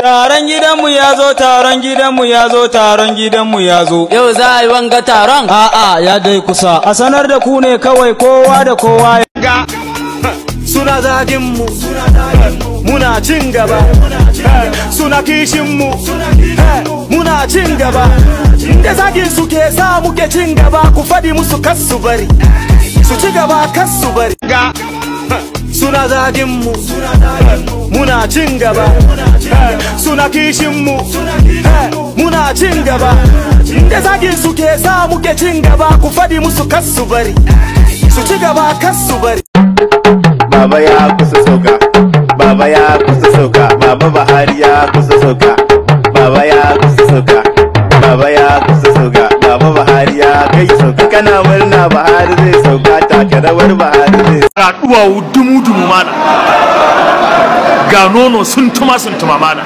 Taron gidanmu ya zo, taron gidanmu ya zo, taron gidanmu ya zo. Yau za a yi wanga taron? A'a, ya dai kusa. A sanar da ku ne kawai kowa da kowa ya ga. Suna zaginmu, muna cin gaba. Suna kishinmu, muna cin gaba. Inda zagin su ke sa muke cin gaba, ku faɗi musu kas su bari. Su ci gaba kas su bari. Ga. suna zagin mu muna cin gaba suna kishin mu muna cin gaba inda zagin su ke sa muke cin gaba ku fadi musu kasu su bari su ci gaba kasu su bari baba ya kusa sauka baba ya kusa sauka baba bahari ya kusa sauka baba ya kusa sauka baba ya kusa sauka baba bahari ya kai sauka kana murna bahari zai sauka take rawar bahari duwawu dumu-dumu mana ga nono sun tuma sun tuma mana